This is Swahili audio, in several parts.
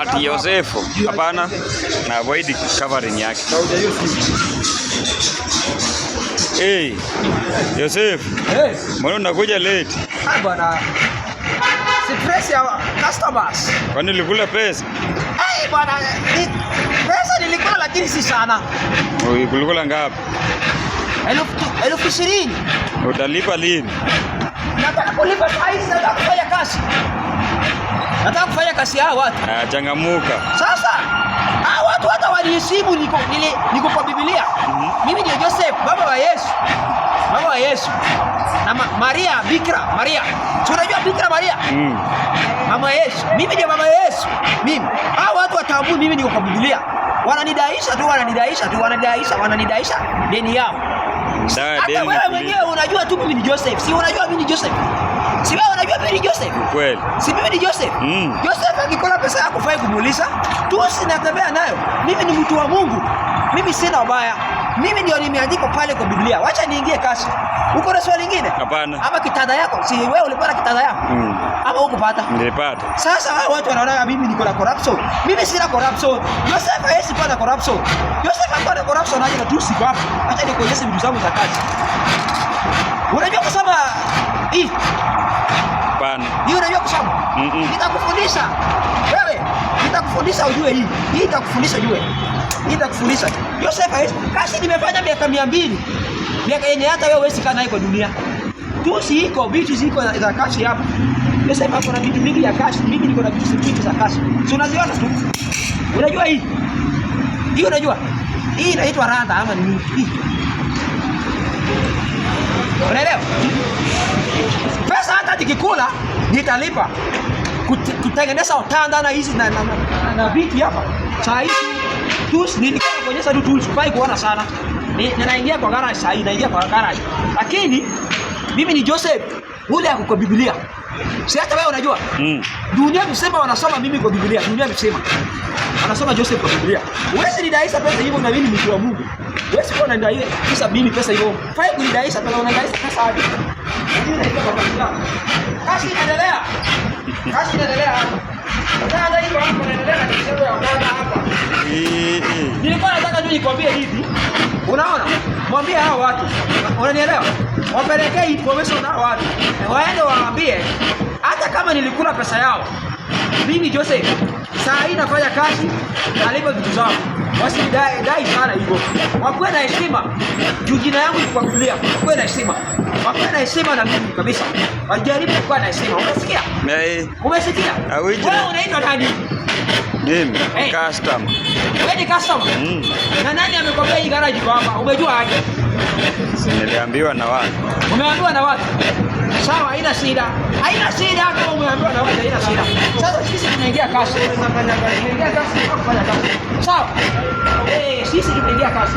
Ati Yosefu hapana, na avoid covering yake. Hey, Yosefu. Yes. Mbona unakuja late? Ah bwana. Si press ya customers. Kwani ulikula pesa? Eh bwana, pesa nilikula lakini si sana. Ulikula ngapi? elfu ishirini utalipa lini? Nataka kulipa saizi, nataka kufanya kazi, nataka kufanya kazi. Hawa watu ah, changamuka sasa, hawa watu hata wanihesibu niko, niko kwa Biblia. mm -hmm. Mimi ndio Joseph baba wa Yesu, baba wa Yesu na ma Maria Bikira Maria, si unajua Bikira Maria mm. mama Yesu, mimi ni mama Yesu. Mimi hawa watu watambui mimi niko kwa Biblia, wananidaisha tu, wananidaisha tu, wananidaisha, wananidaisha deni yao hata wewe mwenyewe unajua tu mimi ni Joseph. Si unajua mimi ni Joseph. Si wewe unajua Billy Joseph? Kweli. Si Billy Joseph? Mm. Joseph akikola pesa yako fai kumuuliza. Tu sinatembea nayo. Mimi ni mtu wa Mungu. Mimi sina ubaya. Mimi ndio nimeandikwa pale kwa Biblia. Wacha niingie kasi. Uko na swali lingine? Hapana. Ama kitanda yako? Si wewe ulipata kitanda yako? Mm. Ama hukupata? Nilipata. Sasa hao watu wanaona mimi niko na corruption. Mimi sina corruption. Joseph haisi pana corruption. Joseph hapana corruption anaje na tu siko hapa. Acha nikuonyeshe vitu zangu za kazi. Unajua kusema hii mm -mm. Nitakufundisha wewe, nitakufundisha ujue hii hii, nitakufundisha ujue hii, nitakufundisha Joseph Yesu kazi nimefanya miaka 200 miaka yenye hata wewe huwezi kaa nayo kwa dunia tu, si iko vitu ziko za kazi hapa. Yosefa na vitu mingi ya kazi, mimi niko na vitu vingi za kazi, si unaziona tu. Unajua hii hii, unajua hii inaitwa randa ama nini hii Unaelewa? Pesa hata tikikula nitalipa kutengeneza otanda na, hizi na, na viti hapa saa hizi tools nilikuwa kuonyesha tu tools, sifai kuona sana ni, naingia kwa garage saa hii, naingia kwa garage, lakini mimi ni Joseph ule akuko Biblia, si hata wewe unajua mm. dunia kusema wanasoma mimi kwa Biblia, dunia kusema anasoma Joseph kwa Biblia. Wewe si ndaisa pesa hivyo, na mimi mtu wa Mungu. Wewe si kwa ndaisa pesa pesa hivyo, fai kunidaisa pesa, unadaisa pesa hadi Kazi inaendelea. Kazi inaendelea hapa. Sasa hata hapo inaendelea na mchezo ya baba hapa. Nilikuwa nataka tu nikwambie hivi. Unaona? Mwambie hao watu. Unanielewa? Wapelekee information na watu. Waende waambie hata kama nilikula pesa yao. Mimi Joseph saa hii nafanya kazi nalipa vitu zangu. Wasidai dai sana hivyo. Wakuwe na heshima. Juu jina yangu ni kwa Wakuwe na heshima. Wakati anasema na mimi kabisa. Wanajaribu kwa anasema. Unasikia? Eh. Umesikia? Wewe unaitwa nani? Mimi Customer. Wewe ni customer? Mm. Na nani amekwambia hii garage kwa hapa? Umejua aje? Niliambiwa na watu. Umeambiwa na watu? Sawa, haina shida. Haina shida hata umeambiwa na watu, haina shida. Sasa sisi tunaingia kasi. Tunaingia kasi. Sawa. Eh, sisi tunaingia kasi.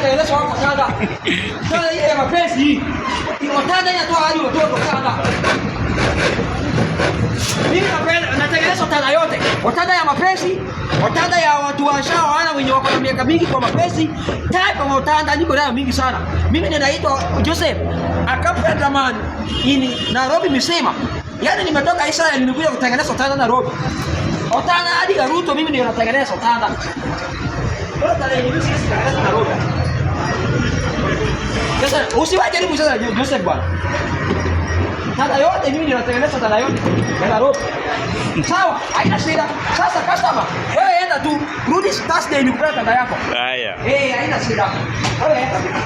ataelezwa hapo sana. Sasa ile ya mapenzi iwatanda inatoa hadi watoto sana. Mimi napenda natengeneza tanda yote. Watanda ya mapenzi, watanda ya watu washao wana wenye wako na miaka mingi kwa mapenzi, type wa tanda niko nayo mingi sana. Mimi ninaitwa Joseph Akapra Dramani. Ini Nairobi misema. Yaani nimetoka Israel nimekuja kutengeneza tanda Nairobi. Otanda hadi Garuto mimi ndio natengeneza tanda. Bora tarehe hizi sisi Nairobi. Sasa usiwajaribu sasa Joseph bwana. Tanda yote mimi ninatengeneza tanda yote. Ndio rope. Sawa, haina shida. Sasa customer, wewe enda tu, rudi Thursday nikupeleka tanda yako. Haya. Eh, haina shida. Wewe enda.